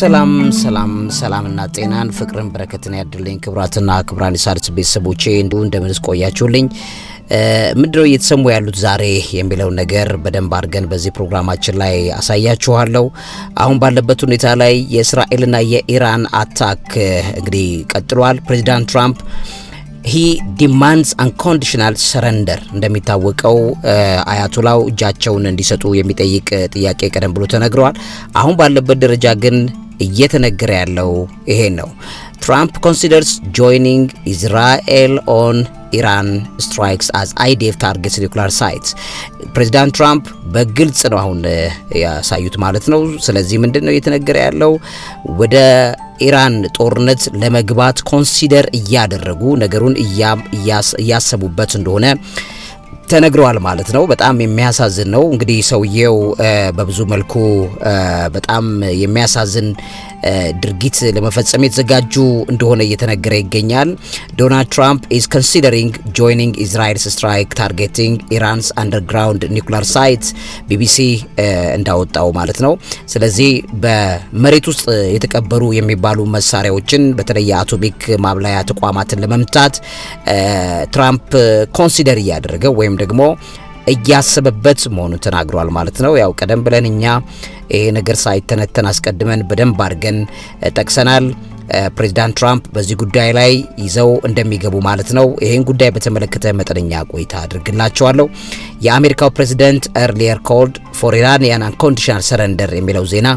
ሰላም ሰላም ሰላምና ጤናን ፍቅርን በረከትን ያድልኝ። ክብራትና ክብራን የሣድስ ቤተሰቦቼ እንዲሁ እንደምንስ ቆያችሁልኝ? ምንድነው እየተሰሙ ያሉት ዛሬ የሚለው ነገር በደንብ አድርገን በዚህ ፕሮግራማችን ላይ አሳያችኋለሁ። አሁን ባለበት ሁኔታ ላይ የእስራኤልና የኢራን አታክ እንግዲህ ቀጥሏል። ፕሬዚዳንት ትራምፕ ሂ ዲማንድስ አንኮንዲሽናል ሰረንደር። እንደሚታወቀው አያቶላው እጃቸውን እንዲሰጡ የሚጠይቅ ጥያቄ ቀደም ብሎ ተነግረዋል። አሁን ባለበት ደረጃ ግን እየተነገረ ያለው ይሄን ነው። ትራምፕ ኮንሲደርስ ጆይኒንግ ኢዝራኤል ኦን ኢራን ስትራይክስ አዝ አይዲኤፍ ታርጌትስ ኒውክሊር ሳይትስ። ፕሬዚዳንት ትራምፕ በግልጽ ነው አሁን ያሳዩት ማለት ነው። ስለዚህ ምንድን ነው እየተነገረ ያለው ወደ ኢራን ጦርነት ለመግባት ኮንሲደር እያደረጉ ነገሩን እያሰቡበት እንደሆነ ተነግረዋል ማለት ነው። በጣም የሚያሳዝን ነው። እንግዲህ ሰውየው በብዙ መልኩ በጣም የሚያሳዝን ድርጊት ለመፈጸም የተዘጋጁ እንደሆነ እየተነገረ ይገኛል። ዶናልድ ትራምፕ ኢዝ ኮንሲደሪንግ ጆይኒንግ ኢዝራኤልስ ስትራይክ ታርጌቲንግ ኢራንስ አንደርግራውንድ ኒኩላር ሳይት ቢቢሲ እንዳወጣው ማለት ነው። ስለዚህ በመሬት ውስጥ የተቀበሩ የሚባሉ መሳሪያዎችን በተለይ አቶሚክ ማብላያ ተቋማትን ለመምታት ትራምፕ ኮንሲደር እያደረገ ወይም ወይም ደግሞ እያሰበበት መሆኑ ተናግሯል ማለት ነው። ያው ቀደም ብለን እኛ ይሄ ነገር ሳይተነተን አስቀድመን በደንብ አድርገን ጠቅሰናል። ፕሬዚዳንት ትራምፕ በዚህ ጉዳይ ላይ ይዘው እንደሚገቡ ማለት ነው። ይህን ጉዳይ በተመለከተ መጠነኛ ቆይታ አድርግላቸዋለሁ። የአሜሪካው ፕሬዚደንት ኤርሊየር ኮልድ ፎር ኢራን ያን አንኮንዲሽናል ሰረንደር የሚለው ዜና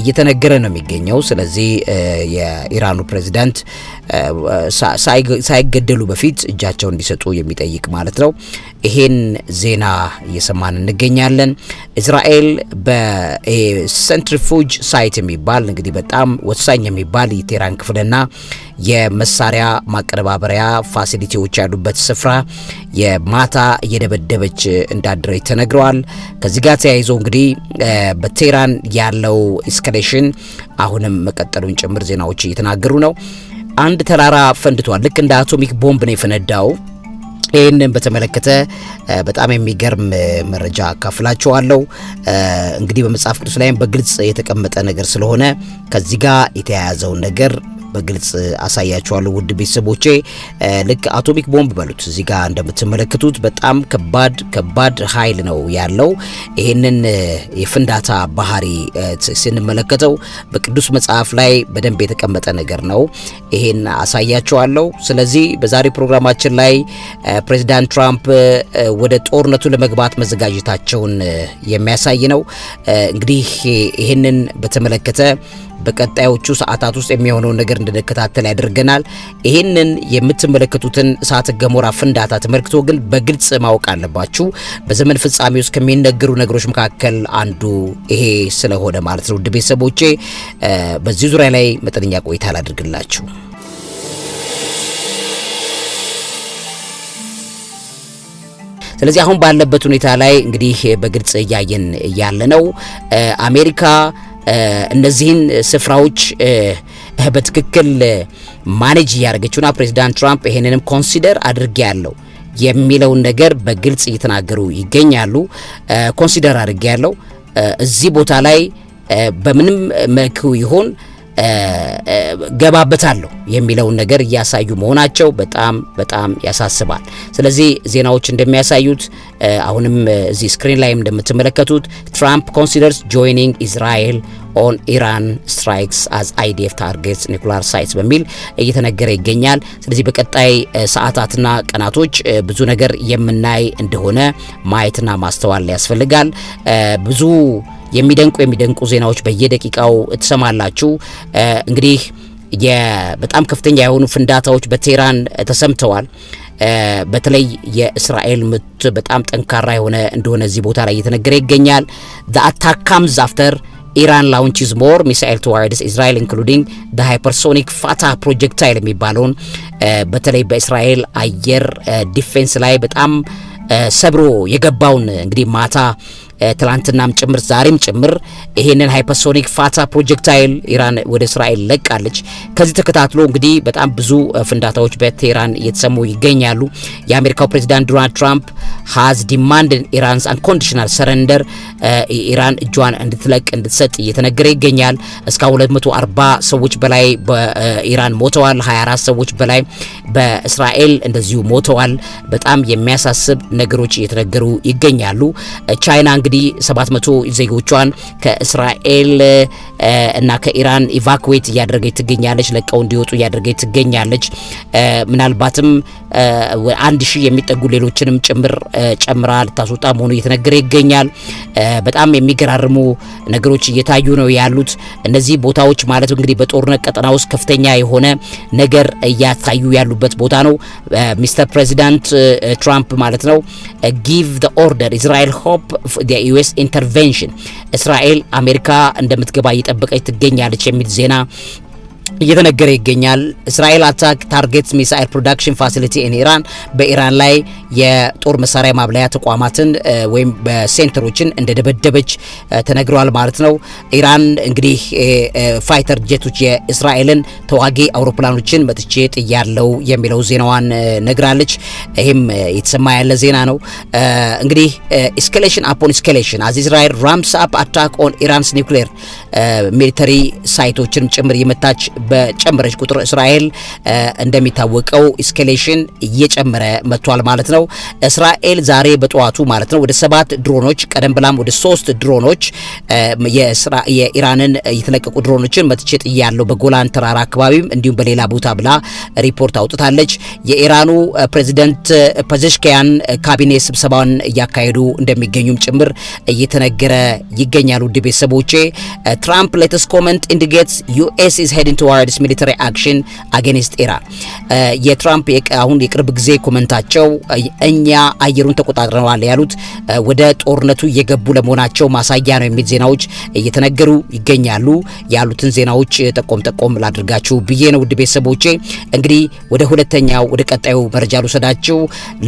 እየተነገረ ነው የሚገኘው። ስለዚህ የኢራኑ ፕሬዚዳንት ሳይገደሉ በፊት እጃቸው እንዲሰጡ የሚጠይቅ ማለት ነው። ይሄን ዜና እየሰማን እንገኛለን። እስራኤል በሰንትሪፉጅ ሳይት የሚባል እንግዲህ በጣም ወሳኝ የሚባል የቴራን ክፍልና የመሳሪያ ማቀነባበሪያ ፋሲሊቲዎች ያሉበት ስፍራ የማታ እየደበደበች እንዳደረች ተነግረዋል። ከዚህ ጋር ተያይዞ እንግዲህ በቴራን ያለው ኢስካሌሽን አሁንም መቀጠሉን ጭምር ዜናዎች እየተናገሩ ነው። አንድ ተራራ ፈንድቷል። ልክ እንደ አቶሚክ ቦምብ ነው የፈነዳው ይህንን በተመለከተ በጣም የሚገርም መረጃ አካፍላችኋለሁ። እንግዲህ በመጽሐፍ ቅዱስ ላይም በግልጽ የተቀመጠ ነገር ስለሆነ ከዚህ ጋር የተያያዘውን ነገር በግልጽ አሳያችኋለሁ። ውድ ቤተሰቦቼ ልክ አቶሚክ ቦምብ በሉት እዚህ ጋር እንደምትመለከቱት በጣም ከባድ ከባድ ኃይል ነው ያለው። ይህንን የፍንዳታ ባህሪ ስንመለከተው በቅዱስ መጽሐፍ ላይ በደንብ የተቀመጠ ነገር ነው። ይህን አሳያችኋለሁ። ስለዚህ በዛሬ ፕሮግራማችን ላይ ፕሬዚዳንት ትራምፕ ወደ ጦርነቱ ለመግባት መዘጋጀታቸውን የሚያሳይ ነው። እንግዲህ ይህንን በተመለከተ በቀጣዮቹ ሰዓታት ውስጥ የሚሆነውን ነገር እንድንከታተል ያደርገናል። ይህንን የምትመለከቱትን እሳተ ገሞራ ፍንዳታ ተመልክቶ ግን በግልጽ ማወቅ አለባችሁ። በዘመን ፍጻሜ ውስጥ ከሚነገሩ ነገሮች መካከል አንዱ ይሄ ስለሆነ ማለት ነው። ውድ ቤተሰቦቼ በዚህ ዙሪያ ላይ መጠነኛ ቆይታ አላድርግላችሁ። ስለዚህ አሁን ባለበት ሁኔታ ላይ እንግዲህ በግልጽ እያየን ያለ ነው አሜሪካ እነዚህን ስፍራዎች በትክክል ማኔጅ እያደረገችውና ፕሬዚዳንት ትራምፕ ይሄንንም ኮንሲደር አድርጌ ያለው የሚለውን ነገር በግልጽ እየተናገሩ ይገኛሉ። ኮንሲደር አድርጌ ያለው እዚህ ቦታ ላይ በምንም መልኩ ይሆን ገባበታለሁ የሚለውን ነገር እያሳዩ መሆናቸው በጣም በጣም ያሳስባል። ስለዚህ ዜናዎች እንደሚያሳዩት አሁንም እዚህ ስክሪን ላይ እንደምትመለከቱት ትራምፕ ኮንሲደርስ ጆይኒንግ ኢስራኤል ኦን ኢራን ስትራይክስ አዝ አይዲኤፍ ታርጌት ኒኩላር ሳይት በሚል እየተነገረ ይገኛል። ስለዚህ በቀጣይ ሰዓታትና ቀናቶች ብዙ ነገር የምናይ እንደሆነ ማየትና ማስተዋል ያስፈልጋል ብዙ የሚደንቁ የሚደንቁ ዜናዎች በየደቂቃው ትሰማላችሁ። እንግዲህ በጣም ከፍተኛ የሆኑ ፍንዳታዎች በቴህራን ተሰምተዋል። በተለይ የእስራኤል ምት በጣም ጠንካራ የሆነ እንደሆነ እዚህ ቦታ ላይ እየተነገረ ይገኛል። ዘ አታክ ካምዝ አፍተር ኢራን ላውንችስ ሞር ሚሳኤል ቱዋርድስ እስራኤል ኢንክሉዲንግ ዘ ሃይፐርሶኒክ ፋታ ፕሮጀክታይል የሚባለውን በተለይ በእስራኤል አየር ዲፌንስ ላይ በጣም ሰብሮ የገባውን እንግዲህ ማታ ትላንትናም ጭምር ዛሬም ጭምር ይሄንን ሃይፐርሶኒክ ፋታ ፕሮጀክታይል ኢራን ወደ እስራኤል ለቃለች። ከዚህ ተከታትሎ እንግዲህ በጣም ብዙ ፍንዳታዎች በቴህራን እየተሰሙ ይገኛሉ። የአሜሪካው ፕሬዚዳንት ዶናልድ ትራምፕ ሃዝ ዲማንድ ኢራንስ አንኮንዲሽናል ሰረንደር ኢራን እጇን እንድትለቅ እንድትሰጥ እየተነገረ ይገኛል። እስከ 240 ሰዎች በላይ በኢራን ሞተዋል። 24 ሰዎች በላይ በእስራኤል እንደዚሁ ሞተዋል። በጣም የሚያሳስብ ነገሮች እየተነገሩ ይገኛሉ። ቻይና እንግዲህ 700 ዜጎቿን ከእስራኤል እና ከኢራን ኢቫኩዌት እያደረገች ትገኛለች። ለቀው እንዲወጡ እያደረገች ትገኛለች። ምናልባትም አንድ ሺህ የሚጠጉ ሌሎችንም ጭምር ጨምራ ልታስወጣ መሆኑ እየተነገረ ይገኛል። በጣም የሚገራርሙ ነገሮች እየታዩ ነው ያሉት እነዚህ ቦታዎች ማለት እንግዲህ በጦርነት ቀጠና ውስጥ ከፍተኛ የሆነ ነገር እያሳዩ ያሉበት ቦታ ነው። ሚስተር ፕሬዚዳንት ትራምፕ ማለት ነው ጊቭ ዘ ኦርደር እስራኤል ሆፕ የዩኤስ ኢንተርቬንሽን እስራኤል አሜሪካ እንደምትገባ እየጠበቀች ትገኛለች የሚል ዜና እየተነገረ ይገኛል። እስራኤል አታክ ታርጌት ሚሳኤል ፕሮዳክሽን ፋሲሊቲ ኢን ኢራን በኢራን ላይ የጦር መሳሪያ ማብላያ ተቋማትን ወይም በሴንተሮችን እንደደበደበች ተነግሯል ማለት ነው። ኢራን እንግዲህ ፋይተር ጀቶች የእስራኤልን ተዋጊ አውሮፕላኖችን መጥቼ ጥያለው የሚለው ዜናዋን ነግራለች። ይህም የተሰማ ያለ ዜና ነው። እንግዲህ ኤስካሌሽን አፖን ኤስካሌሽን አዝ እስራኤል ራምስ አፕ አታክ ኦን ኢራንስ ኒውክሌር ሚሊተሪ ሳይቶችንም ጭምር የመታች በጨመረች ቁጥር እስራኤል እንደሚታወቀው ኢስኬሌሽን እየጨመረ መጥቷል ማለት ነው። እስራኤል ዛሬ በጠዋቱ ማለት ነው ወደ ሰባት ድሮኖች ቀደም ብላም ወደ ሶስት ድሮኖች የኢራንን የተለቀቁ ድሮኖችን መትቼ ጥያለሁ በጎላን ተራራ አካባቢም እንዲሁም በሌላ ቦታ ብላ ሪፖርት አውጥታለች። የኢራኑ ፕሬዚደንት ፐዘሽኪያን ካቢኔ ስብሰባን እያካሄዱ እንደሚገኙም ጭምር እየተነገረ ይገኛሉ። ውድ ቤተሰቦቼ ትራምፕ ሌትስ ኮመንት ኢንዲጌትስ ዩኤስ ኢዝ ሄድንግ ቱ towards ሚሊተሪ አክሽን አጌንስት ኢራን የትራምፕ አሁን የቅርብ ጊዜ ኮመንታቸው እኛ አየሩን ተቆጣጥረናል ያሉት eh, ወደ ጦርነቱ እየገቡ ለመሆናቸው ማሳያ ነው የሚል ዜናዎች እየተነገሩ ይገኛሉ። ያሉትን ዜናዎች ጠቆም ጠቆም ላድርጋችሁ ብዬ ነው ውድ ቤተሰቦቼ። እንግዲህ ወደ ሁለተኛው ወደ ቀጣዩ መረጃ ልውሰዳችሁ።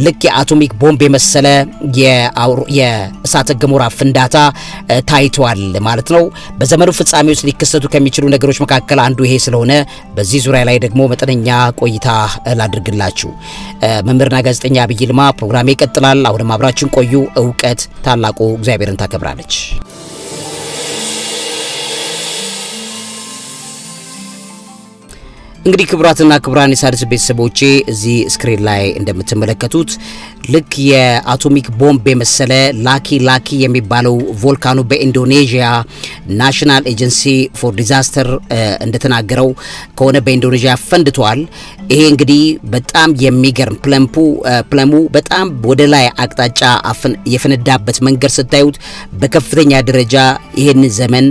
ልክ የአቶሚክ ቦምብ የመሰለ የእሳተ ገሞራ ፍንዳታ eh, ታይቷል ማለት ነው። በዘመኑ ፍጻሜ ውስጥ ሊከሰቱ ከሚችሉ ነገሮች መካከል አንዱ ይሄ ስለሆነ በዚህ ዙሪያ ላይ ደግሞ መጠነኛ ቆይታ ላድርግላችሁ። መምህርና ጋዜጠኛ አብይ ይልማ ፕሮግራሜ ይቀጥላል። አሁንም አብራችን ቆዩ። እውቀት ታላቁ እግዚአብሔርን ታከብራለች። እንግዲህ ክቡራትና ክብራን የሣድስ ቤተሰቦቼ እዚህ ስክሪን ላይ እንደምትመለከቱት ልክ የአቶሚክ ቦምብ የመሰለ ላኪ ላኪ የሚባለው ቮልካኖ በኢንዶኔዥያ ናሽናል ኤጀንሲ ፎር ዲዛስተር እንደተናገረው ከሆነ በኢንዶኔዥያ ፈንድቷል። ይሄ እንግዲህ በጣም የሚገርም ፕለምፑ ፕለሙ በጣም ወደ ላይ አቅጣጫ የፈነዳበት መንገድ ስታዩት በከፍተኛ ደረጃ ይህን ዘመን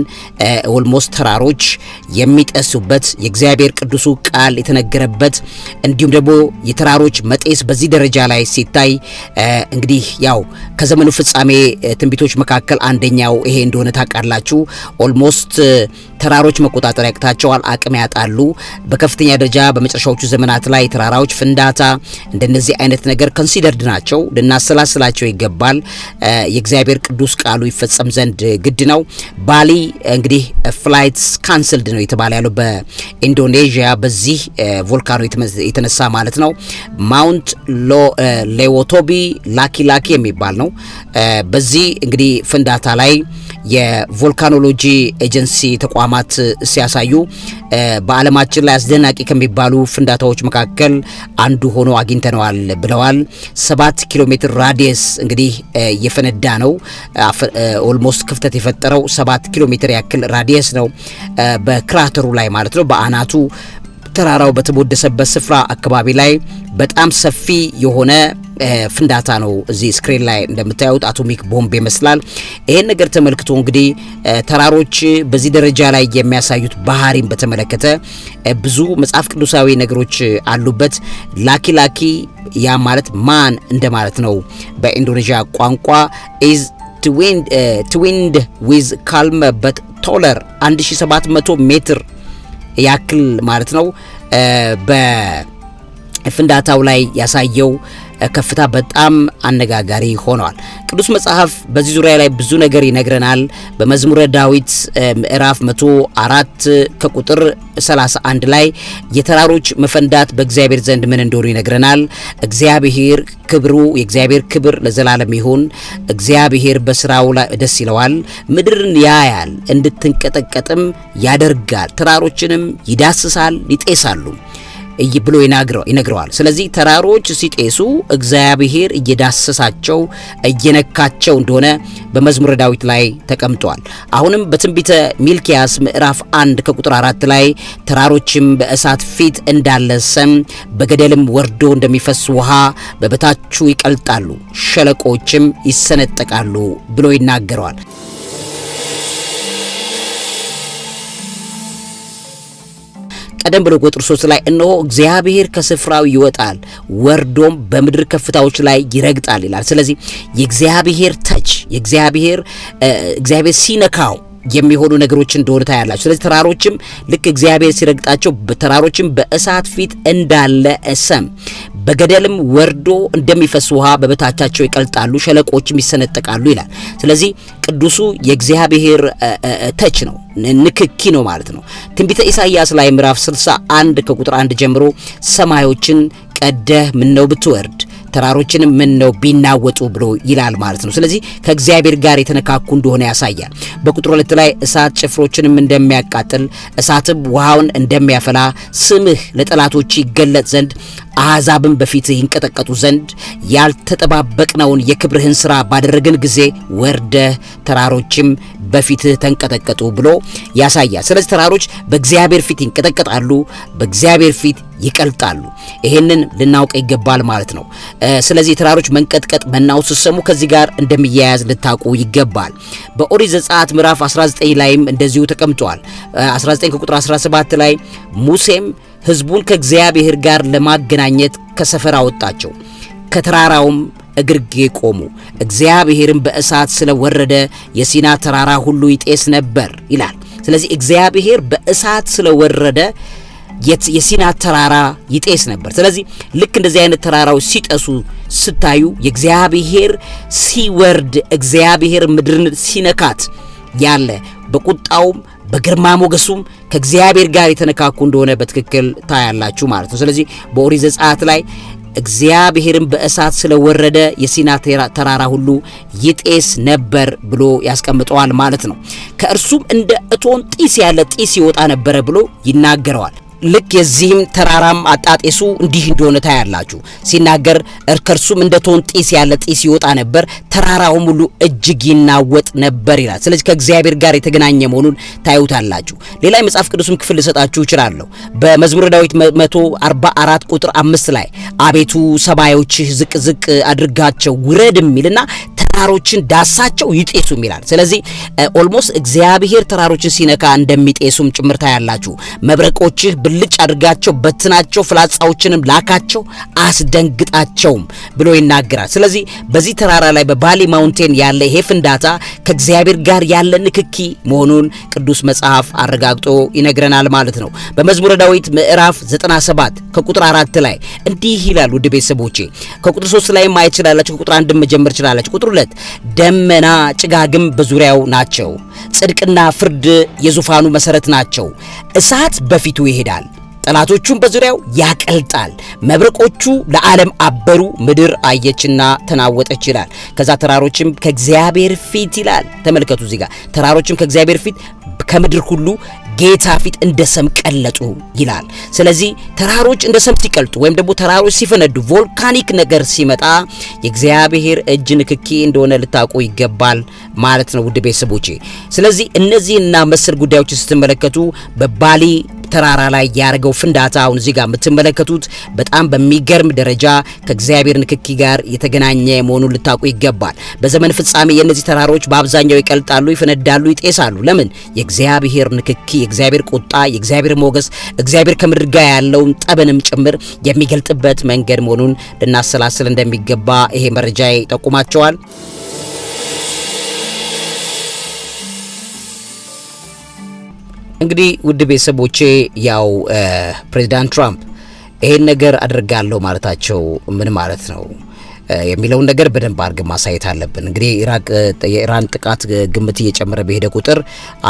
ኦልሞስት ተራሮች የሚጠሱበት የእግዚአብሔር ቅዱሱ ቃል የተነገረበት እንዲሁም ደግሞ የተራሮች መጤስ በዚህ ደረጃ ላይ ሲታይ እንግዲህ ያው ከዘመኑ ፍጻሜ ትንቢቶች መካከል አንደኛው ይሄ እንደሆነ ታውቃላችሁ። ኦልሞስት ተራሮች መቆጣጠር ያቅታቸዋል፣ አቅም ያጣሉ። በከፍተኛ ደረጃ በመጨረሻዎቹ ዘመናት ላይ ተራራዎች ፍንዳታ፣ እንደነዚህ አይነት ነገር ኮንሲደርድ ናቸው፣ ልናሰላስላቸው ይገባል። የእግዚአብሔር ቅዱስ ቃሉ ይፈጸም ዘንድ ግድ ነው። ባሊ እንግዲህ ፍላይትስ ካንስልድ ነው የተባለ ያለው በኢንዶኔዥያ በዚህ ቮልካኖ የተነሳ ማለት ነው። ማውንት ሌዎቶቢ ላኪ ላኪ የሚባል ነው። በዚህ እንግዲህ ፍንዳታ ላይ የቮልካኖሎጂ ኤጀንሲ ተቋማት ሲያሳዩ በዓለማችን ላይ አስደናቂ ከሚባሉ ፍንዳታዎች መካከል አንዱ ሆኖ አግኝተነዋል ብለዋል። ሰባት ኪሎ ሜትር ራዲየስ እንግዲህ የፈነዳ ነው። ኦልሞስት ክፍተት የፈጠረው ሰባት ኪሎ ሜትር ያክል ራዲየስ ነው በክራተሩ ላይ ማለት ነው በአናቱ ተራራው በተሞደሰበት ስፍራ አካባቢ ላይ በጣም ሰፊ የሆነ ፍንዳታ ነው። እዚህ ስክሪን ላይ እንደምታዩት አቶሚክ ቦምብ ይመስላል። ይሄን ነገር ተመልክቶ እንግዲህ ተራሮች በዚህ ደረጃ ላይ የሚያሳዩት ባህሪን በተመለከተ ብዙ መጽሐፍ ቅዱሳዊ ነገሮች አሉበት። ላኪ ላኪ ያ ማለት ማን እንደማለት ነው። በኢንዶኔዥያ ቋንቋ ኢዝ ትዊንድ ዊዝ ካልም በት ቶለር 1700 ሜትር ያክል ማለት ነው በፍንዳታው ላይ ያሳየው ከፍታ በጣም አነጋጋሪ ሆነዋል። ቅዱስ መጽሐፍ በዚህ ዙሪያ ላይ ብዙ ነገር ይነግረናል። በመዝሙረ ዳዊት ምዕራፍ 104 ከቁጥር 31 ላይ የተራሮች መፈንዳት በእግዚአብሔር ዘንድ ምን እንደሆኑ ይነግረናል። እግዚአብሔር ክብሩ የእግዚአብሔር ክብር ለዘላለም ይሁን። እግዚአብሔር በስራው ላይ ደስ ይለዋል። ምድርን ያያል፣ እንድትንቀጠቀጥም ያደርጋል። ተራሮችንም ይዳስሳል፣ ይጤሳሉ። ብሎ ይነግረዋል። ስለዚህ ተራሮች ሲጤሱ እግዚአብሔር እየዳሰሳቸው እየነካቸው እንደሆነ በመዝሙረ ዳዊት ላይ ተቀምጧል። አሁንም በትንቢተ ሚልኪያስ ምዕራፍ 1 ከቁጥር 4 ላይ ተራሮችም በእሳት ፊት እንዳለ ሰም በገደልም ወርዶ እንደሚፈስ ውሃ በበታቹ ይቀልጣሉ፣ ሸለቆችም ይሰነጠቃሉ ብሎ ይናገረዋል። ቀደም ብሎ ቁጥር 3 ላይ እነሆ እግዚአብሔር ከስፍራው ይወጣል ወርዶም በምድር ከፍታዎች ላይ ይረግጣል ይላል። ስለዚህ የእግዚአብሔር ተች የእግዚአብሔር እግዚአብሔር ሲነካው የሚሆኑ ነገሮች እንደሆነ ታያላችሁ። ስለዚህ ተራሮችም ልክ እግዚአብሔር ሲረግጣቸው ተራሮችም በእሳት ፊት እንዳለ ሰም በገደልም ወርዶ እንደሚፈስ ውሃ በበታቻቸው ይቀልጣሉ፣ ሸለቆችም ይሰነጠቃሉ ይላል። ስለዚህ ቅዱሱ የእግዚአብሔር ተች ነው፣ ንክኪ ነው ማለት ነው። ትንቢተ ኢሳይያስ ላይ ምዕራፍ 61 ከቁጥር 1 ጀምሮ ሰማዮችን ቀደህ ምነው ብትወርድ ተራሮችን ምን ነው ቢናወጡ ብሎ ይላል ማለት ነው። ስለዚህ ከእግዚአብሔር ጋር የተነካኩ እንደሆነ ያሳያል። በቁጥር ሁለት ላይ እሳት ጭፍሮችንም እንደሚያቃጥል እሳትም ውሃውን እንደሚያፈላ ስምህ ለጠላቶች ይገለጥ ዘንድ አሕዛብን በፊትህ ይንቀጠቀጡ ዘንድ ያልተጠባበቅነውን የክብርህን ስራ ባደረግን ጊዜ ወርደህ ተራሮችም በፊትህ ተንቀጠቀጡ ብሎ ያሳያል። ስለዚህ ተራሮች በእግዚአብሔር ፊት ይንቀጠቀጣሉ፣ በእግዚአብሔር ፊት ይቀልጣሉ። ይህንን ልናውቅ ይገባል ማለት ነው። ስለዚህ የተራሮች መንቀጥቀጥ መናው ስትሰሙ ከዚህ ጋር እንደሚያያዝ ልታውቁ ይገባል። በኦሪት ዘጸአት ምዕራፍ 19 ላይም እንደዚሁ ተቀምጧል። 19 ቁጥር 17 ላይ ሙሴም ህዝቡን ከእግዚአብሔር ጋር ለማገናኘት ከሰፈር አወጣቸው፣ ከተራራውም እግርጌ ቆሙ። እግዚአብሔርም በእሳት ስለወረደ የሲና ተራራ ሁሉ ይጤስ ነበር ይላል። ስለዚህ እግዚአብሔር በእሳት ስለወረደ የሲና ተራራ ይጤስ ነበር። ስለዚህ ልክ እንደዚህ አይነት ተራራዎች ሲጠሱ ስታዩ የእግዚአብሔር ሲወርድ እግዚአብሔር ምድርን ሲነካት ያለ በቁጣውም በግርማ ሞገሱም ከእግዚአብሔር ጋር የተነካኩ እንደሆነ በትክክል ታያላችሁ ማለት ነው። ስለዚህ በኦሪት ዘጸአት ላይ እግዚአብሔርም በእሳት ስለወረደ የሲና ተራራ ሁሉ ይጤስ ነበር ብሎ ያስቀምጠዋል ማለት ነው። ከእርሱም እንደ እቶን ጢስ ያለ ጢስ ይወጣ ነበረ ብሎ ይናገረዋል። ልክ የዚህም ተራራም አጣጤሱ እንዲህ እንደሆነ ታያላችሁ። ሲናገር እርከርሱም እንደ ቶን ጢስ ያለ ጢስ ይወጣ ነበር፣ ተራራው ሙሉ እጅግ ይናወጥ ነበር ይላል። ስለዚህ ከእግዚአብሔር ጋር የተገናኘ መሆኑን ታዩታላችሁ። ሌላ የመጽሐፍ ቅዱስም ክፍል ልሰጣችሁ እችላለሁ። በመዝሙረ ዳዊት 144 ቁጥር አምስት ላይ አቤቱ ሰማዮችህ ዝቅ ዝቅ አድርጋቸው ውረድ የሚልና ተራሮችን ዳሳቸው ይጤሱም ይላል። ስለዚህ ኦልሞስት እግዚአብሔር ተራሮችን ሲነካ እንደሚጤሱም ጭምርታ ያላችሁ መብረቆችህ ብልጭ አድርጋቸው፣ በትናቸው፣ ፍላጻዎችንም ላካቸው፣ አስደንግጣቸውም ብሎ ይናገራል። ስለዚህ በዚህ ተራራ ላይ በባሊ ማውንቴን ያለ ይሄ ፍንዳታ ከእግዚአብሔር ጋር ያለ ንክኪ መሆኑን ቅዱስ መጽሐፍ አረጋግጦ ይነግረናል ማለት ነው። በመዝሙረ ዳዊት ምዕራፍ 97 ከቁጥር 4 ላይ እንዲህ ይላል። ውድ ቤተሰቦቼ ከቁጥር 3 ላይ ማየት ይችላላችሁ። ከቁጥር አንድ መጀመር ይችላላችሁ። ቁጥር ሁለት መላእክት ደመና ጭጋግም በዙሪያው ናቸው። ጽድቅና ፍርድ የዙፋኑ መሠረት ናቸው። እሳት በፊቱ ይሄዳል፣ ጠላቶቹን በዙሪያው ያቀልጣል። መብረቆቹ ለዓለም አበሩ፣ ምድር አየችና ተናወጠች ይላል። ከዛ ተራሮችም ከእግዚአብሔር ፊት ይላል። ተመልከቱ እዚህ ጋር ተራሮችም ከእግዚአብሔር ፊት ከምድር ሁሉ ጌታ ፊት እንደ ሰም ቀለጡ ይላል። ስለዚህ ተራሮች እንደ ሰም ሲቀልጡ ወይም ደግሞ ተራሮች ሲፈነዱ ቮልካኒክ ነገር ሲመጣ የእግዚአብሔር እጅ ንክኪ እንደሆነ ልታውቁ ይገባል ማለት ነው ውድ ቤተሰቦቼ። ስለዚህ እነዚህና መሰል ጉዳዮች ስትመለከቱ በባሊ ተራራ ላይ ያደረገው ፍንዳታ አሁን እዚህ ጋር የምትመለከቱት በጣም በሚገርም ደረጃ ከእግዚአብሔር ንክኪ ጋር የተገናኘ መሆኑን ልታውቁ ይገባል። በዘመን ፍጻሜ የእነዚህ ተራሮች በአብዛኛው ይቀልጣሉ፣ ይፈነዳሉ፣ ይጤሳሉ። ለምን? የእግዚአብሔር ንክኪ፣ የእግዚአብሔር ቁጣ፣ የእግዚአብሔር ሞገስ፣ እግዚአብሔር ከምድር ጋር ያለውን ጠበንም ጭምር የሚገልጥበት መንገድ መሆኑን ልናሰላስል እንደሚገባ ይሄ መረጃ ይጠቁማቸዋል። እንግዲህ ውድ ቤተሰቦቼ ያው ፕሬዚዳንት ትራምፕ ይሄን ነገር አድርጋለሁ ማለታቸው ምን ማለት ነው? የሚለውን ነገር በደንብ አድርገን ማሳየት አለብን። እንግዲህ ኢራቅ የኢራን ጥቃት ግምት እየጨመረ በሄደ ቁጥር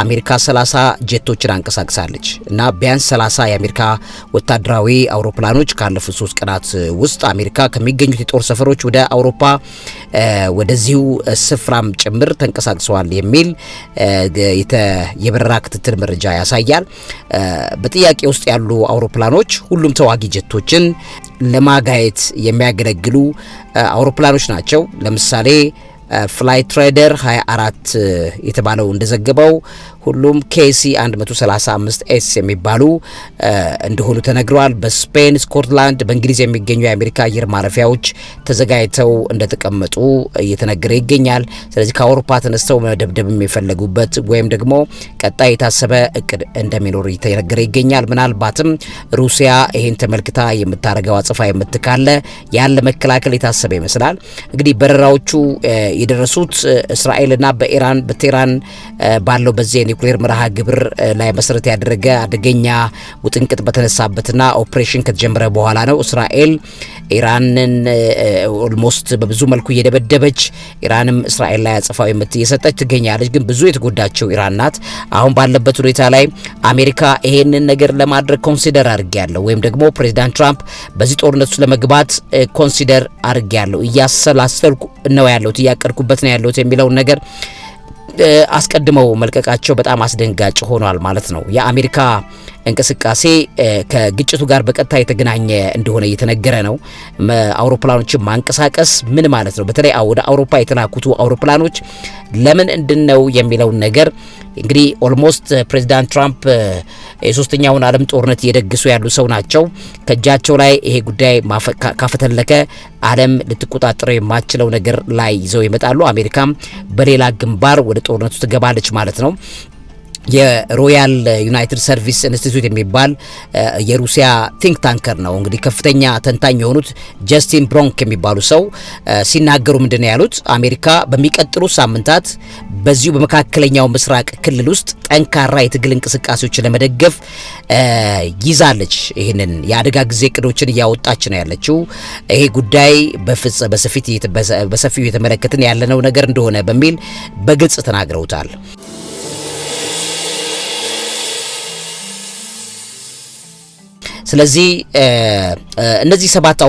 አሜሪካ 30 ጀቶችን አንቀሳቅሳለች እና ቢያንስ 30 የአሜሪካ ወታደራዊ አውሮፕላኖች ካለፉት ሶስት ቀናት ውስጥ አሜሪካ ከሚገኙት የጦር ሰፈሮች ወደ አውሮፓ ወደዚሁ ስፍራም ጭምር ተንቀሳቅሰዋል የሚል የበረራ ክትትል መረጃ ያሳያል። በጥያቄ ውስጥ ያሉ አውሮፕላኖች ሁሉም ተዋጊ ጀቶችን ለማጋየት የሚያገለግሉ አውሮፕላኖች ናቸው። ለምሳሌ ፍላይ ትሬደር 24 የተባለው እንደዘገበው ሁሉም ኬሲ 135 ኤስ የሚባሉ እንደሆኑ ተነግረዋል። በስፔን፣ ስኮትላንድ፣ በእንግሊዝ የሚገኙ የአሜሪካ አየር ማረፊያዎች ተዘጋጅተው እንደተቀመጡ እየተነገረ ይገኛል። ስለዚህ ከአውሮፓ ተነስተው መደብደብ የሚፈለጉበት ወይም ደግሞ ቀጣይ የታሰበ እቅድ እንደሚኖር እየተነገረ ይገኛል። ምናልባትም ሩሲያ ይህን ተመልክታ የምታደርገው አጽፋ የምትካለ ያለ መከላከል የታሰበ ይመስላል። እንግዲህ በረራዎቹ የደረሱት እስራኤልና በኢራን በቴራን ባለው በዚህ የኒውክሌር መርሃ ግብር ላይ መሰረት ያደረገ አደገኛ ውጥንቅጥ በተነሳበትና ኦፕሬሽን ከተጀመረ በኋላ ነው። እስራኤል ኢራንን ኦልሞስት በብዙ መልኩ እየደበደበች ኢራንም እስራኤል ላይ አጸፋዊ ምት እየሰጠች ትገኛለች። ግን ብዙ የተጎዳቸው ኢራን ናት። አሁን ባለበት ሁኔታ ላይ አሜሪካ ይሄንን ነገር ለማድረግ ኮንሲደር አድርጌያለሁ ወይም ደግሞ ፕሬዚዳንት ትራምፕ በዚህ ጦርነት ውስጥ ለመግባት ኮንሲደር አድርጌያለሁ እያሰላሰልኩ ነው ያለሁት እያቀ እየተማርኩበት ነው ያለሁት የሚለውን ነገር አስቀድመው መልቀቃቸው በጣም አስደንጋጭ ሆኗል ማለት ነው። የአሜሪካ እንቅስቃሴ ከግጭቱ ጋር በቀጥታ የተገናኘ እንደሆነ እየተነገረ ነው። አውሮፕላኖችን ማንቀሳቀስ ምን ማለት ነው? በተለይ ወደ አውሮፓ የተላኩት አውሮፕላኖች ለምን እንድነው የሚለውን ነገር እንግዲህ ኦልሞስት ፕሬዚዳንት ትራምፕ የሶስተኛውን ዓለም ጦርነት እየደግሱ ያሉ ሰው ናቸው። ከእጃቸው ላይ ይሄ ጉዳይ ካፈተለከ ዓለም ልትቆጣጠረው የማትችለው ነገር ላይ ይዘው ይመጣሉ። አሜሪካም በሌላ ግንባር ወደ ጦርነቱ ትገባለች ማለት ነው። የሮያል ዩናይትድ ሰርቪስ ኢንስቲትዩት የሚባል የሩሲያ ቲንክ ታንከር ነው። እንግዲህ ከፍተኛ ተንታኝ የሆኑት ጀስቲን ብሮንክ የሚባሉ ሰው ሲናገሩ ምንድን ያሉት? አሜሪካ በሚቀጥሉ ሳምንታት በዚሁ በመካከለኛው ምስራቅ ክልል ውስጥ ጠንካራ የትግል እንቅስቃሴዎችን ለመደገፍ ይዛለች። ይህንን የአደጋ ጊዜ እቅዶችን እያወጣች ነው ያለችው። ይሄ ጉዳይ በሰፊው የተመለከትን ያለነው ነገር እንደሆነ በሚል በግልጽ ተናግረውታል። ስለዚህ እነዚህ ሰባት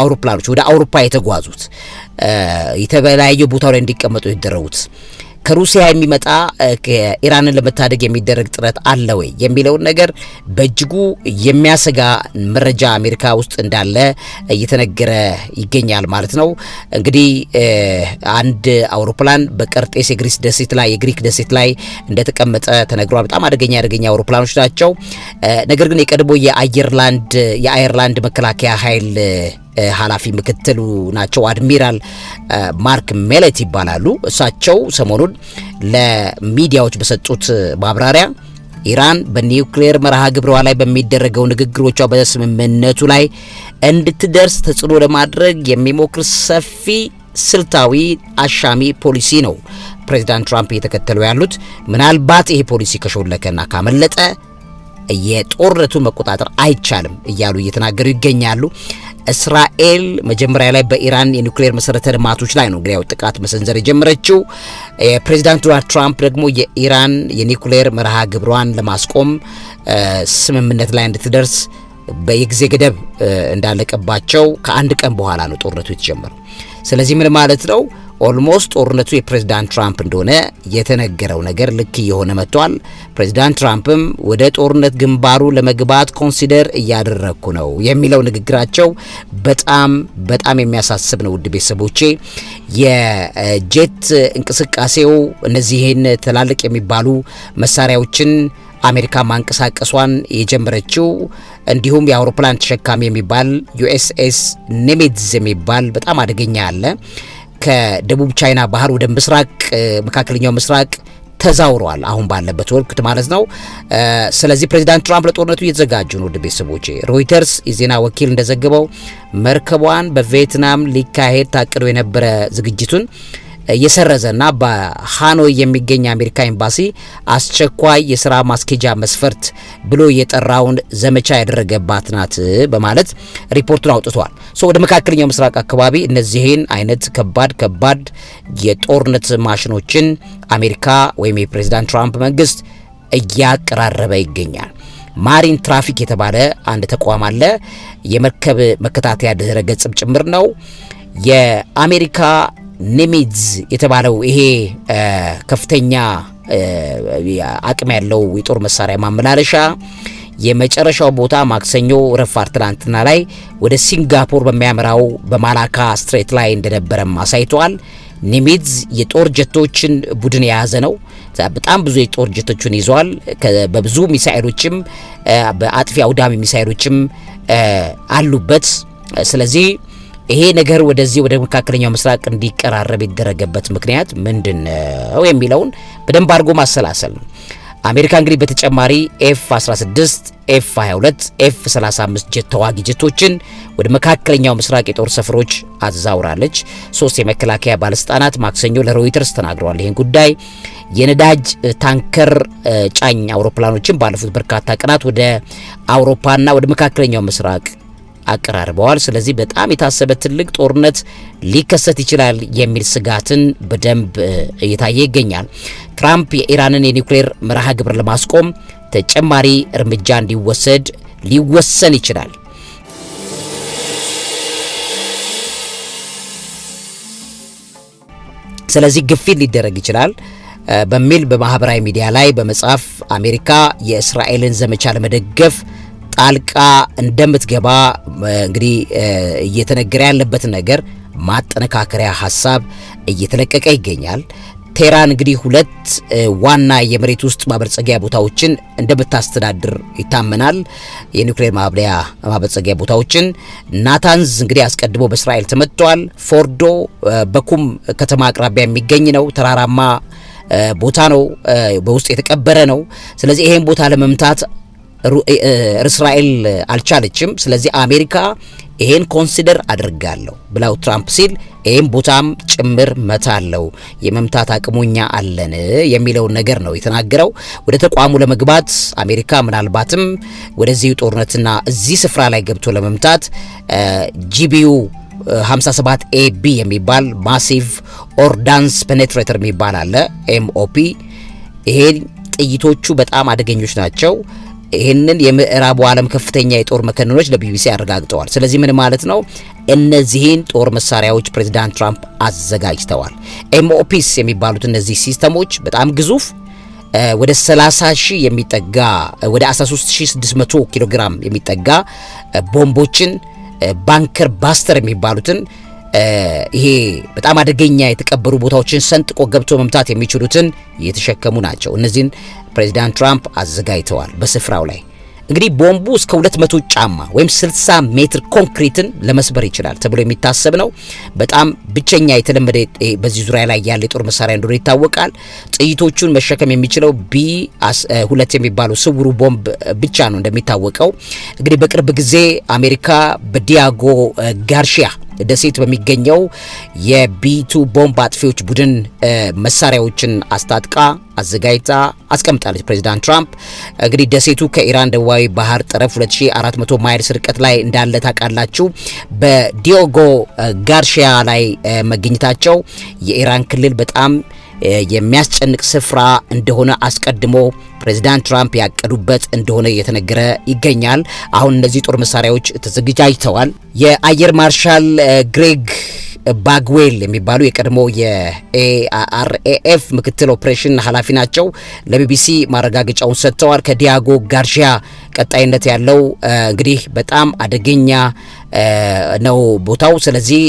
አውሮፕላኖች ወደ አውሮፓ የተጓዙት የተለያየ ቦታ ላይ እንዲቀመጡ የተደረጉት ከሩሲያ የሚመጣ ኢራንን ለመታደግ የሚደረግ ጥረት አለ ወይ የሚለውን ነገር በእጅጉ የሚያሰጋ መረጃ አሜሪካ ውስጥ እንዳለ እየተነገረ ይገኛል ማለት ነው። እንግዲህ አንድ አውሮፕላን በቀርጤስ የግሪስ ደሴት ላይ የግሪክ ደሴት ላይ እንደተቀመጠ ተነግሯል። በጣም አደገኛ አደገኛ አውሮፕላኖች ናቸው። ነገር ግን የቀድሞ የአየርላንድ የአየርላንድ መከላከያ ኃይል ኃላፊ ምክትሉ ናቸው። አድሚራል ማርክ ሜለት ይባላሉ። እሳቸው ሰሞኑን ለሚዲያዎች በሰጡት ማብራሪያ ኢራን በኒውክሌር መርሃ ግብረዋ ላይ በሚደረገው ንግግሮቿ በስምምነቱ ላይ እንድትደርስ ተጽዕኖ ለማድረግ የሚሞክር ሰፊ ስልታዊ አሻሚ ፖሊሲ ነው ፕሬዚዳንት ትራምፕ እየተከተሉ ያሉት። ምናልባት ይሄ ፖሊሲ ከሾለከና ካመለጠ የጦርነቱን መቆጣጠር አይቻልም እያሉ እየተናገሩ ይገኛሉ። እስራኤል መጀመሪያ ላይ በኢራን የኒውክሌር መሰረተ ልማቶች ላይ ነው እንግዲህ ያው ጥቃት መሰንዘር የጀመረችው። የፕሬዚዳንት ዶናልድ ትራምፕ ደግሞ የኢራን የኒውክሌር መርሃ ግብሯን ለማስቆም ስምምነት ላይ እንድትደርስ በየጊዜ ገደብ እንዳለቀባቸው ከአንድ ቀን በኋላ ነው ጦርነቱ የተጀመረው። ስለዚህ ምን ማለት ነው? ኦልሞስት ጦርነቱ የፕሬዝዳንት ትራምፕ እንደሆነ የተነገረው ነገር ልክ እየሆነ መጥቷል። ፕሬዝዳንት ትራምፕም ወደ ጦርነት ግንባሩ ለመግባት ኮንሲደር እያደረግኩ ነው የሚለው ንግግራቸው በጣም በጣም የሚያሳስብ ነው። ውድ ቤተሰቦቼ የጄት እንቅስቃሴው እነዚህን ትላልቅ የሚባሉ መሳሪያዎችን አሜሪካ ማንቀሳቀሷን የጀመረችው እንዲሁም የአውሮፕላን ተሸካሚ የሚባል ዩኤስኤስ ኔሜድዝ የሚባል በጣም አደገኛ አለ ከደቡብ ቻይና ባህር ወደ ምስራቅ መካከለኛው ምስራቅ ተዛውረዋል። አሁን ባለበት ወቅት ማለት ነው። ስለዚህ ፕሬዚዳንት ትራምፕ ለጦርነቱ እየተዘጋጁ ነው። ውድ ቤተሰቦቼ ሮይተርስ የዜና ወኪል እንደዘገበው መርከቧን በቪየትናም ሊካሄድ ታቅዶ የነበረ ዝግጅቱን የሰረዘና በሃኖይ የሚገኝ የአሜሪካ ኤምባሲ አስቸኳይ የስራ ማስኬጃ መስፈርት ብሎ የጠራውን ዘመቻ ያደረገባት ናት በማለት ሪፖርቱን አውጥቷል። ወደ መካከለኛው ምስራቅ አካባቢ እነዚህን አይነት ከባድ ከባድ የጦርነት ማሽኖችን አሜሪካ ወይም የፕሬዚዳንት ትራምፕ መንግስት እያቀራረበ ይገኛል። ማሪን ትራፊክ የተባለ አንድ ተቋም አለ። የመርከብ መከታተያ ድረ ጭምር ነው። የአሜሪካ ኒሚትዝ የተባለው ይሄ ከፍተኛ አቅም ያለው የጦር መሳሪያ ማመላለሻ የመጨረሻው ቦታ ማክሰኞ ረፋር ትላንትና ላይ ወደ ሲንጋፖር በሚያምራው በማላካ ስትሬት ላይ እንደነበረም አሳይተዋል። ኒሚትዝ የጦር ጀቶችን ቡድን የያዘ ነው። በጣም ብዙ የጦር ጀቶችን ይዟል። በብዙ ሚሳኤሎችም በአጥፊ አውዳሚ ሚሳኤሎችም አሉበት። ስለዚህ ይሄ ነገር ወደዚህ ወደ መካከለኛው ምስራቅ እንዲቀራረብ ይደረገበት ምክንያት ምንድነው የሚለውን በደንብ አድርጎ ማሰላሰል ነው። አሜሪካ እንግዲህ በተጨማሪ ኤፍ 16 ኤፍ 22 ኤፍ 35 ጀት ተዋጊ ጀቶችን ወደ መካከለኛው ምስራቅ የጦር ሰፈሮች አዛውራለች። ሶስት የመከላከያ ባለስልጣናት ማክሰኞ ለሮይተርስ ተናግረዋል ይህን ጉዳይ። የነዳጅ ታንከር ጫኝ አውሮፕላኖችን ባለፉት በርካታ ቀናት ወደ አውሮፓና ወደ መካከለኛው ምስራቅ አቀራርበዋል። ስለዚህ በጣም የታሰበ ትልቅ ጦርነት ሊከሰት ይችላል የሚል ስጋትን በደንብ እየታየ ይገኛል። ትራምፕ የኢራንን የኒውክሌር መርሃ ግብር ለማስቆም ተጨማሪ እርምጃ እንዲወሰድ ሊወሰን ይችላል። ስለዚህ ግፊት ሊደረግ ይችላል በሚል በማህበራዊ ሚዲያ ላይ በመጻፍ አሜሪካ የእስራኤልን ዘመቻ ለመደገፍ ጣልቃ እንደምትገባ እንግዲህ እየተነገረ ያለበትን ነገር ማጠነካከሪያ ሀሳብ እየተለቀቀ ይገኛል። ቴራን እንግዲህ ሁለት ዋና የመሬት ውስጥ ማበልጸጊያ ቦታዎችን እንደምታስተዳድር ይታመናል። የኒውክሌር ማብለያ ማበልጸጊያ ቦታዎችን ናታንዝ እንግዲህ አስቀድሞ በእስራኤል ተመቷል። ፎርዶ በኩም ከተማ አቅራቢያ የሚገኝ ነው። ተራራማ ቦታ ነው። በውስጥ የተቀበረ ነው። ስለዚህ ይሄን ቦታ ለመምታት እስራኤል አልቻለችም። ስለዚህ አሜሪካ ይሄን ኮንሲደር አድርጋለሁ ብላው ትራምፕ ሲል ይህም ቦታም ጭምር መታለው አለው የመምታት አቅሙኛ አለን የሚለውን ነገር ነው የተናገረው። ወደ ተቋሙ ለመግባት አሜሪካ ምናልባትም ወደዚህ ጦርነትና እዚህ ስፍራ ላይ ገብቶ ለመምታት ጂቢዩ 57 ኤቢ የሚባል ማሲቭ ኦርዳንስ ፔኔትሬተር የሚባል አለ ኤምኦፒ። ይሄ ጥይቶቹ በጣም አደገኞች ናቸው። ይህንን የምዕራቡ ዓለም ከፍተኛ የጦር መኮንኖች ለቢቢሲ አረጋግጠዋል። ስለዚህ ምን ማለት ነው? እነዚህን ጦር መሳሪያዎች ፕሬዚዳንት ትራምፕ አዘጋጅተዋል። ኤምኦፒስ የሚባሉት እነዚህ ሲስተሞች በጣም ግዙፍ ወደ 30 ሺህ የሚጠጋ ወደ 13600 ኪሎ ግራም የሚጠጋ ቦምቦችን ባንከር ባስተር የሚባሉትን ይሄ በጣም አደገኛ የተቀበሩ ቦታዎችን ሰንጥቆ ገብቶ መምታት የሚችሉትን እየተሸከሙ ናቸው። እነዚህን ፕሬዚዳንት ትራምፕ አዘጋጅተዋል። በስፍራው ላይ እንግዲህ ቦምቡ እስከ 200 ጫማ ወይም 60 ሜትር ኮንክሪትን ለመስበር ይችላል ተብሎ የሚታሰብ ነው። በጣም ብቸኛ የተለመደ በዚህ ዙሪያ ላይ ያለ የጦር መሳሪያ እንደሆነ ይታወቃል። ጥይቶቹን መሸከም የሚችለው ቢ ሁለት የሚባለው ስውሩ ቦምብ ብቻ ነው። እንደሚታወቀው እንግዲህ በቅርብ ጊዜ አሜሪካ በዲያጎ ጋርሺያ ደሴት በሚገኘው የቢቱ ቦምብ አጥፊዎች ቡድን መሳሪያዎችን አስታጥቃ አዘጋጅታ አስቀምጣለች። ፕሬዚዳንት ትራምፕ እንግዲህ ደሴቱ ከኢራን ደቡባዊ ባህር ጠረፍ 2400 ማይልስ ርቀት ላይ እንዳለ ታውቃላችሁ። በዲዮጎ ጋርሺያ ላይ መገኘታቸው የኢራን ክልል በጣም የሚያስጨንቅ ስፍራ እንደሆነ አስቀድሞ ፕሬዚዳንት ትራምፕ ያቀዱበት እንደሆነ እየተነገረ ይገኛል። አሁን እነዚህ ጦር መሳሪያዎች ተዘግጃጅተዋል። የአየር ማርሻል ግሬግ ባግዌል የሚባሉ የቀድሞ የኤአርኤኤፍ ምክትል ኦፕሬሽን ኃላፊ ናቸው። ለቢቢሲ ማረጋገጫውን ሰጥተዋል። ከዲያጎ ጋርሺያ ቀጣይነት ያለው እንግዲህ በጣም አደገኛ ነው ቦታው። ስለዚህ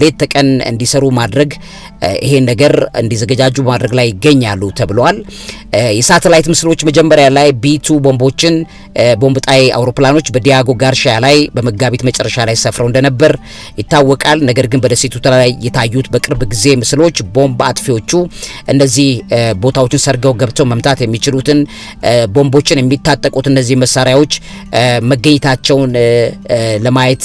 ሌት ተቀን እንዲሰሩ ማድረግ ይሄን ነገር እንዲዘገጃጁ ማድረግ ላይ ይገኛሉ ተብሏል። የሳተላይት ምስሎች መጀመሪያ ላይ ቢቱ ቦምቦችን ቦምብ ጣይ አውሮፕላኖች በዲያጎ ጋርሻ ላይ በመጋቢት መጨረሻ ላይ ሰፍረው እንደነበር ይታወቃል። ነገር ግን በደሴቱ ላይ የታዩት በቅርብ ጊዜ ምስሎች ቦምብ አጥፊዎቹ እነዚህ ቦታዎችን ሰርገው ገብተው መምታት የሚችሉትን ቦምቦችን የሚታጠቁት እነዚህ መሳሪያዎች መገኘታቸውን ለማየት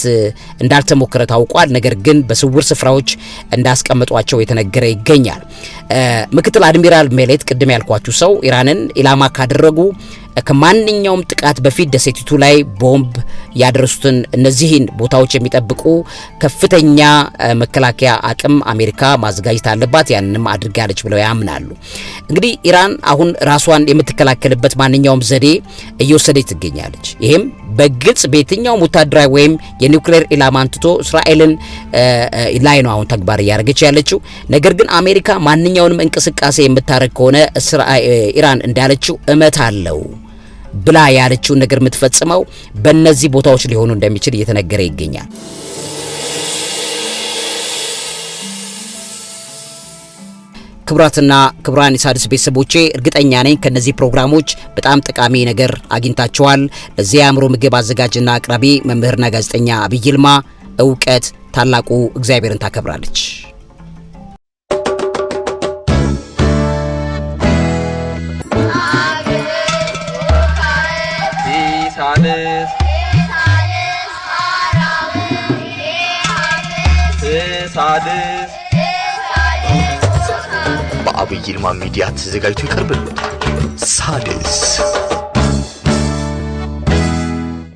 እንዳልተሞከረ ታውቋል። ነገር ግን በስውር ስፍራዎች እንዳስቀመጧቸው የተነገረ ይገኛል። ምክትል አድሚራል ሜሌት ቅድም ያልኳችሁ ሰው ኢራንን ኢላማ ካደረጉ ከማንኛውም ጥቃት በፊት ደሴቲቱ ላይ ቦምብ ያደረሱትን እነዚህን ቦታዎች የሚጠብቁ ከፍተኛ መከላከያ አቅም አሜሪካ ማዘጋጀት አለባት፣ ያንንም አድርጋለች ብለው ያምናሉ። እንግዲህ ኢራን አሁን ራሷን የምትከላከልበት ማንኛውም ዘዴ እየወሰደች ትገኛለች። ይሄም በግልጽ በየትኛውም ወታደራዊ ወይም የኒውክሌር ኢላማን ትቶ እስራኤልን ላይ ነው አሁን ተግባር እያደረገች ያለችው። ነገር ግን አሜሪካ ማንኛውንም እንቅስቃሴ የምታደርግ ከሆነ ኢራን እንዳለችው እመት አለው ብላ ያለችውን ነገር የምትፈጽመው በእነዚህ ቦታዎች ሊሆኑ እንደሚችል እየተነገረ ይገኛል። ክቡራትና ክቡራን የሣድስ ቤተሰቦቼ እርግጠኛ ነኝ ከነዚህ ፕሮግራሞች በጣም ጠቃሚ ነገር አግኝታችኋል። ለዚህ የአእምሮ ምግብ አዘጋጅና አቅራቢ መምህርና ጋዜጠኛ አብይ ይልማ እውቀት ታላቁ እግዚአብሔርን ታከብራለች። በአብይ ይልማ ሚዲያ ተዘጋጅቶ ይቀርብልዎታል። ሣድስ